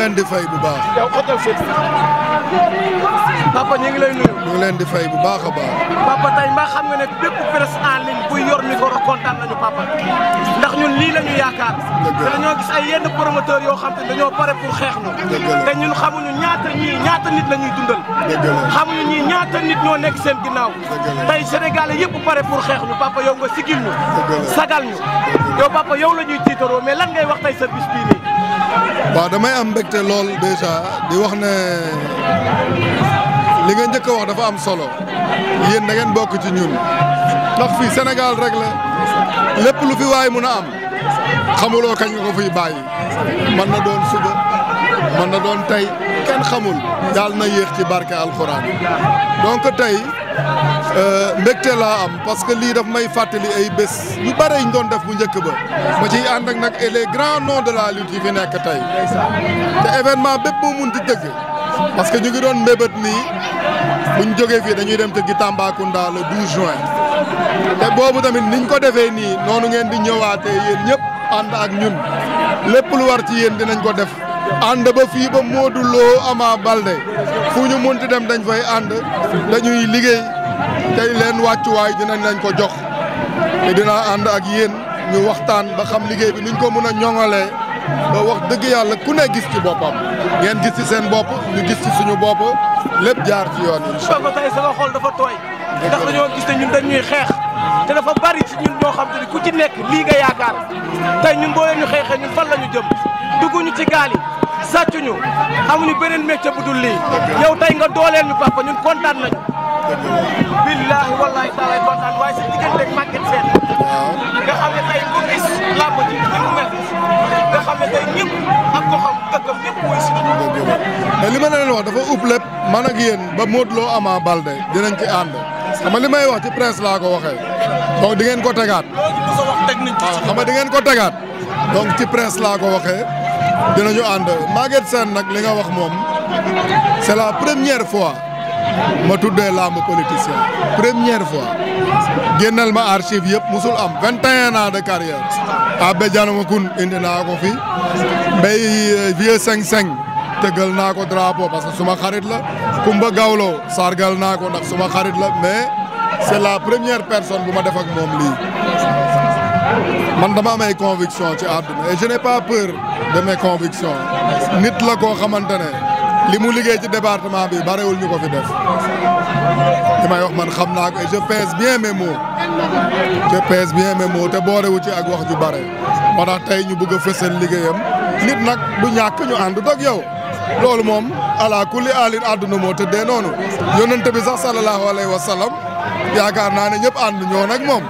leen di fay bu baax. yow oto fit. papa ñu ngi lay nuyu. ngi leen di fay bu baax a baax. papa tey mbaa xam nga ne bépp presse en ligne buy yor micro kontaan nañu papa ndax ñun lii la ñu yaakaar. dëgg la dañoo gis ay yenn promoteur yoo xam te dañoo pare pour xeex ñu. te ñun xamuñu ñaata ñii ñaata nit la ñuy dundal. dëgg la xamuñu ñii ñaata nit ñoo nekk seen ginnaaw. tey Sénégalais yëpp pare pour xeex ñu papa yow nga sigil ñu. sagal ñu. yow papa yow la ñuy tiitaroo mais lan ngay wax tey sa bis waaw damay am mbégte lool déjà di wax ne li nga njëkk a wax dafa am solo yéen da ngeen bokk ci ñun ndax fii Sénégal rek lépp lu fi waay mun a am xamuloo kañ nga ko fi bàyyi mën na doon suba mën na doon tey kenn xamul daal na yéex ci barke alxuraan donc tey Euh, mbégte laa am parce que lii daf may fàttali ay bés yu bare ñu doon def bu njëkk ba ma ciy ànd ak nag les grands noms de la lutte yi fi nekk tey te événement bépp moo mun di dëgg parce que ñu ngi doon mbébét nii buñ jógee fii dañuy dem tëggi Tambacounda le 12 juin te boobu tamit niñ ko defee nii noonu ngeen di ñëwaatee yéen ñëpp ànd ak ñun lépp lu war ci yéen dinañ ko def ànd ba fii ba Modou Lo Ama Balde fu ñu munti dem dañ fay ànd dañuy liggéey tey leen wàccuwaay dinañ lañ ko jox te dinaa ànd ak yéen ñu waxtaan ba xam liggéey bi nuñ ko mën a ñoŋalee ba wax dëgg yàlla ku ne gis ci boppam ngeen gis ci seen bopp ñu gis ci suñu bopp lépp jaar ci yoon soo incha allah tey sama xol dafa tooy. ndax dañoo gis ne ñun dañuy xeex. te dafa bari ci ñun ñoo xam te ku ci nekk lii nga yaakaar tey ñun boo leen ñu xeexee ñun fan la ñu jëm dugguñu ci gaal yi. sàccuñu xamuñu beneen métier bu dul lii yow tey nga dooleel ñu papa ñun kontaan nañu. billaahi wallaahi taalay kontaan ak Maguette Sène nga xam ne tey mel nga xam ko xam li ma leen wax dafa upp lépp man ak yéen ba Modou Lo Ama Baldé dinañ ci ànd xam nga li may wax ci presse laa ko waxee donc di ngeen ko tegaat waaw xam nga di ngeen ko tegaat donc ci presse laa ko waxee dina dinañu ànd Maguette Sène nag li nga wax moom c'est la première fois ma tuddee làmb politicien première fois génnal ma archive yëpp musul am 21 ans de carrière Abbé ah, Dianamakun indi naa ko fi Mbaye euh, Vieux Seng Seng tëggal naa ko drapeau parce que suma xarit la Kumba Gawlo sargal naa ko ndax suma xarit la mais c'est la première personne bu ma def ak moom lii man dama am ay conviction ci àdduna et je n'ai pas peur de mes convictions nit la koo xamante ne li mu liggéey ci département bi barewul ñu ko fi def li may wax man xam naa ko et je bien mes mots je pèse bien mes mots te boorewu ci ak wax ju bare moo tax tey ñu bëgg a fësal liggéeyam nit nag du ñàkk ñu ànd ak yow loolu moom ala kulli alin àdduna moo tëddee noonu yonent bi sax sallallahu alayhi wa sallam yaakaar naa ne ñëpp ànd ñoo nag moom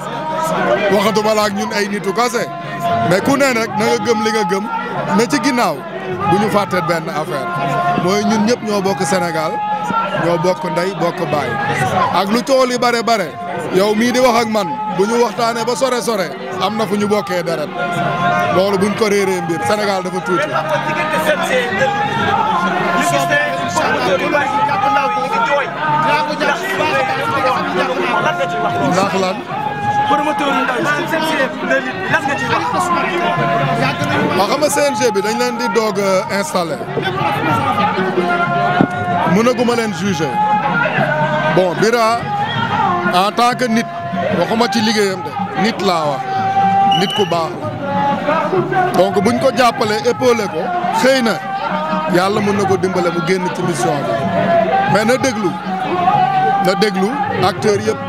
waxatuma la ñun ay nitu kase mais ku ne rek na gëm li nga gëm ne ci ginnaaw bu ñu fàtte benn affaire mooy ñun ñëpp ñoo bokk Sénégal ñoo bokk ndey bokk baay ak lu coow li bare bare yow mii di wax ak man bu ñu waxtaanee ba sore sore am na fu ñu bokkee deret loolu buñ ko réeree mbir Sénégal dafa tuuti. ndax lan. promoteur yu bi lan nga ci wax. waaw xam nga CNG bi dañ leen di doog installé mënaguma leen jugé bon Bira en tant que nit waxuma ci liggéeyam de nit laa wax nit ku baax la donc buñ ko jàppalee épaulé ko xëy na yàlla mën na ko dimbale mu génn ci mission bi mais na déglu na déglu acteurs yëpp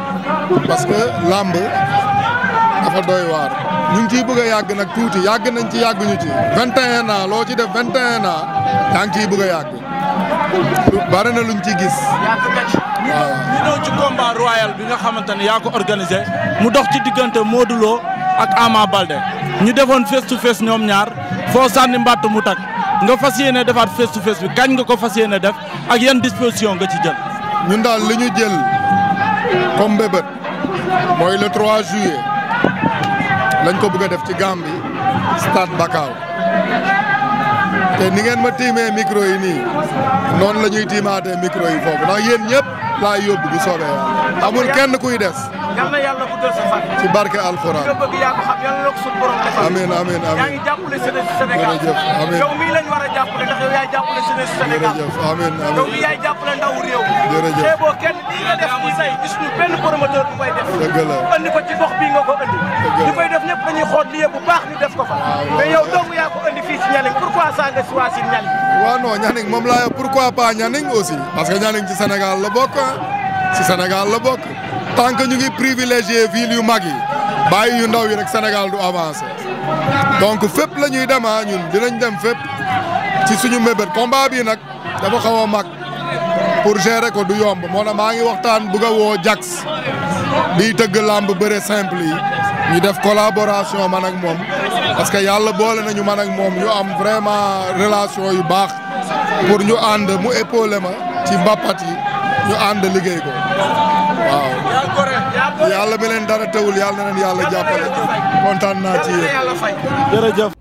parce que làmb dafa doy waar ñu ngi ciy bëgg a yàgg nag tuuti yàgg nañ ci yàgg ñu ci. 21 ans loo ci def 21 ans yaa bëgg a yàgg bare na luñ ci gis. waaw ñu ci combat royal bi nga xamante ne yaa ko organisé mu dox ci diggante Modou ak Ama Balde ñu defoon face to face ñoom ñaar foo sànni mbàtt mu tak nga fas yéene defaat face to bi kañ nga ko fas yéene def ak yan disposition nga ci jël. ñun daal li ñu jël comme bébét mooy le 3 juillet. lañ ko bëgg a def ci Gambie stade Bakau te ni ngeen ma tiimee micro yi nii noonu la ñuy tiimaatee micro yi foofu ndax yéen ñëpp laa yóbbu bu soobee amul kenn kuy des. yal na ci barke alxuraan. nga bëgg yaa ko xam yal na yow mii lañ war yaay jàppale jeunesse Sénégal. yow mii yaay boo kenn nii def ci say gis ñu benn promoteur bu def. gox bii nga ko andi ñu koy def ñëpp dañuy xool lieu bu baax ñu def ko fa mais yow dong yaa ko andi fii si Nianing pourquoi ça nga choisir Nianing waaw non Nianing moom laa pourquoi pas Nianing aussi parce que Nianing ci Sénégal la bokk ah. ci Sénégal la bokk tant que ñu ngi privilégié ville yu mag yi bàyyi yu ndaw yi rek Sénégal du avancé donc fépp la ñuy dem ah, ñun dinañ dem fépp ci suñu mébét combat bii nag da xaw a mag pour gérer ko du yomb moo tax maa ngi waxtaan bëgg a biy tëgg làmb bëre simple yi ñu def collaboration man ak moom parce que yàlla boole nañu man ak moom ñu am vraiment relation yu baax pour ñu ànd mu épaulé ma ci mbàppat yi ñu ànd liggéey ko waaw yàlla beneen leen dara tawul yàlla na yàlla jàppale kontaan naa ci yéen